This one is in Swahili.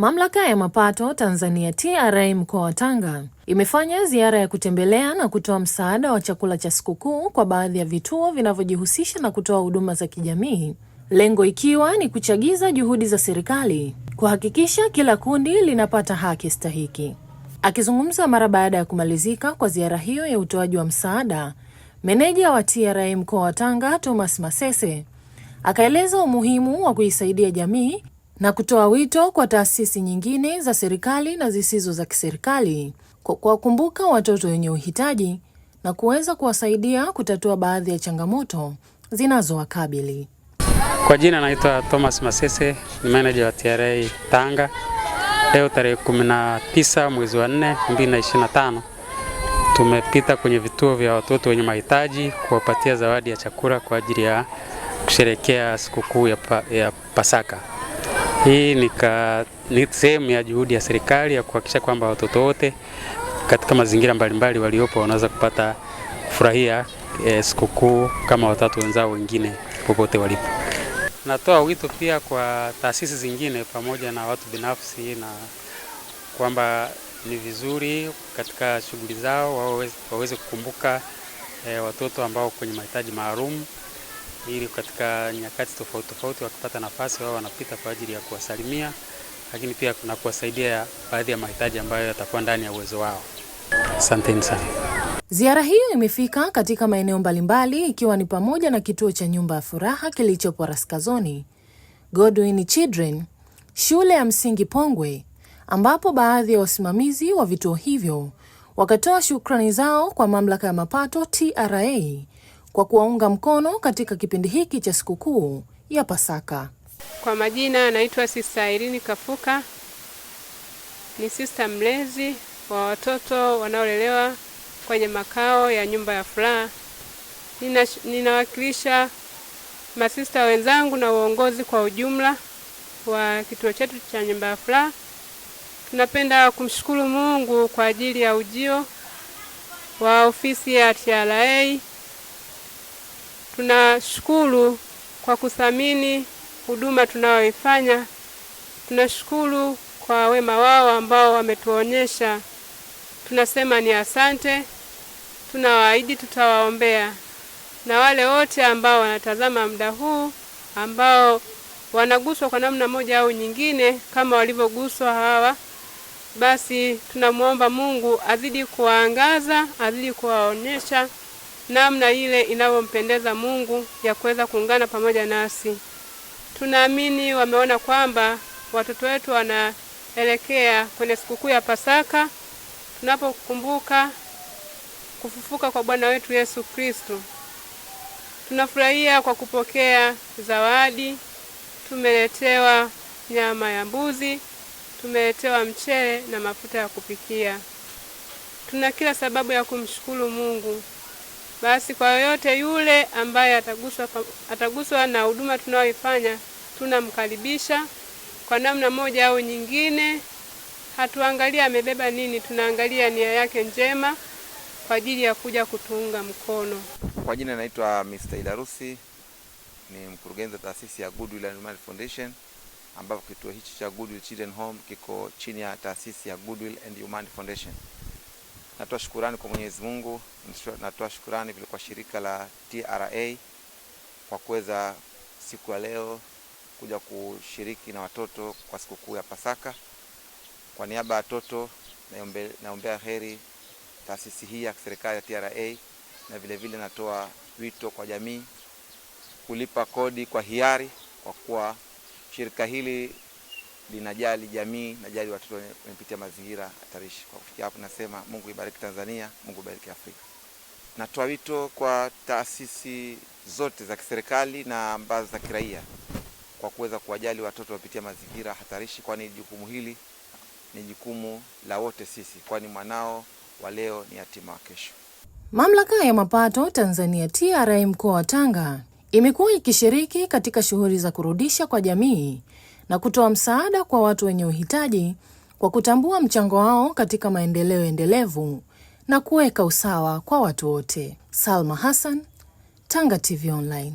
Mamlaka ya Mapato Tanzania TRA mkoa wa Tanga imefanya ziara ya kutembelea na kutoa msaada wa chakula cha sikukuu kwa baadhi ya vituo vinavyojihusisha na kutoa huduma za kijamii, lengo ikiwa ni kuchagiza juhudi za serikali kuhakikisha kila kundi linapata haki stahiki. Akizungumza mara baada ya kumalizika kwa ziara hiyo ya utoaji wa msaada, meneja wa TRA mkoa wa Tanga Thomas Masese akaeleza umuhimu wa kuisaidia jamii na kutoa wito kwa taasisi nyingine za serikali na zisizo za kiserikali kwa kuwakumbuka watoto wenye uhitaji na kuweza kuwasaidia kutatua baadhi ya changamoto zinazowakabili. Kwa jina naitwa Thomas Masese, ni manager wa TRA Tanga. Leo tarehe 19 mwezi wa 4 2025, tumepita kwenye vituo vya watoto wenye mahitaji kuwapatia zawadi ya chakula kwa ajili ya kusherekea sikukuu ya, pa, ya Pasaka. Hii nika, ni sehemu ya juhudi ya serikali ya kuhakikisha kwamba watoto wote katika mazingira mbalimbali waliopo wanaweza kupata kufurahia e, sikukuu kama watoto wenzao wengine popote walipo. Natoa wito pia kwa taasisi zingine pamoja na watu binafsi na kwamba ni vizuri katika shughuli zao waweze kukumbuka e, watoto ambao kwenye mahitaji maalum ili katika nyakati tofauti tofauti wakipata nafasi wao wanapita kwa ajili ya kuwasalimia, lakini pia kuna kuwasaidia baadhi ya mahitaji ambayo yatakuwa ndani ya uwezo wao. Asanteni sana. Ziara hiyo imefika katika maeneo mbalimbali ikiwa ni pamoja na kituo cha nyumba ya furaha kilichopo Raskazoni, Godwin Children, shule ya msingi Pongwe, ambapo baadhi ya wasimamizi wa vituo hivyo wakatoa shukrani zao kwa mamlaka ya mapato TRA kwa kuwaunga mkono katika kipindi hiki cha sikukuu ya Pasaka. Kwa majina anaitwa Sista Irini Kafuka, ni sista mlezi wa watoto wanaolelewa kwenye makao ya nyumba ya furaha. Nina, ninawakilisha masista wenzangu na uongozi kwa ujumla wa kituo chetu cha nyumba ya furaha. Tunapenda kumshukuru Mungu kwa ajili ya ujio wa ofisi ya TRA Tunashukuru kwa kuthamini huduma tunayoifanya. Tunashukuru kwa wema wao ambao wametuonyesha. Tunasema ni asante. Tunawaahidi tutawaombea, na wale wote ambao wanatazama muda huu ambao wanaguswa kwa namna moja au nyingine kama walivyoguswa hawa, basi tunamwomba Mungu azidi kuwaangaza, azidi kuwaonyesha namna ile inavyompendeza Mungu ya kuweza kuungana pamoja nasi. Tunaamini wameona kwamba watoto wetu wanaelekea kwenye sikukuu ya Pasaka tunapokumbuka kufufuka kwa Bwana wetu Yesu Kristo. Tunafurahia kwa kupokea zawadi. Tumeletewa nyama ya mbuzi, tumeletewa mchele na mafuta ya kupikia. Tuna kila sababu ya kumshukuru Mungu. Basi kwa yoyote yule ambaye ataguswa, ataguswa na huduma tunayoifanya, tunamkaribisha kwa namna moja au nyingine. Hatuangalia amebeba nini, tunaangalia nia yake njema kwa ajili ya kuja kutuunga mkono. Kwa jina naitwa Mr. Idarusi, ni mkurugenzi wa taasisi ya Goodwill and Foundation, ambapo kituo hichi cha Goodwill Children Home kiko chini ya taasisi ya Goodwill and Human Foundation. Natoa shukurani kwa Mwenyezi Mungu, natoa shukurani vile kwa shirika la TRA kwa kuweza siku ya leo kuja kushiriki na watoto kwa sikukuu ya Pasaka. Kwa niaba ya watoto naombe, naombea heri taasisi hii ya serikali ya TRA na vile vile natoa wito kwa jamii kulipa kodi kwa hiari kwa kuwa shirika hili linajali jamii, najali watoto wamepitia mazingira hatarishi. Kwa kufikia hapo, nasema Mungu ibariki Tanzania, Mungu ibariki Afrika. Natoa wito kwa taasisi zote za kiserikali na ambazo za kiraia kwa kuweza kuwajali watoto wapitia mazingira hatarishi, kwani jukumu hili ni jukumu la wote sisi, kwani mwanao wa leo ni yatima wa kesho. Mamlaka ya mapato Tanzania TRA mkoa wa Tanga imekuwa ikishiriki katika shughuli za kurudisha kwa jamii na kutoa msaada kwa watu wenye uhitaji kwa kutambua mchango wao katika maendeleo endelevu na kuweka usawa kwa watu wote. Salma Hassan, Tanga TV Online.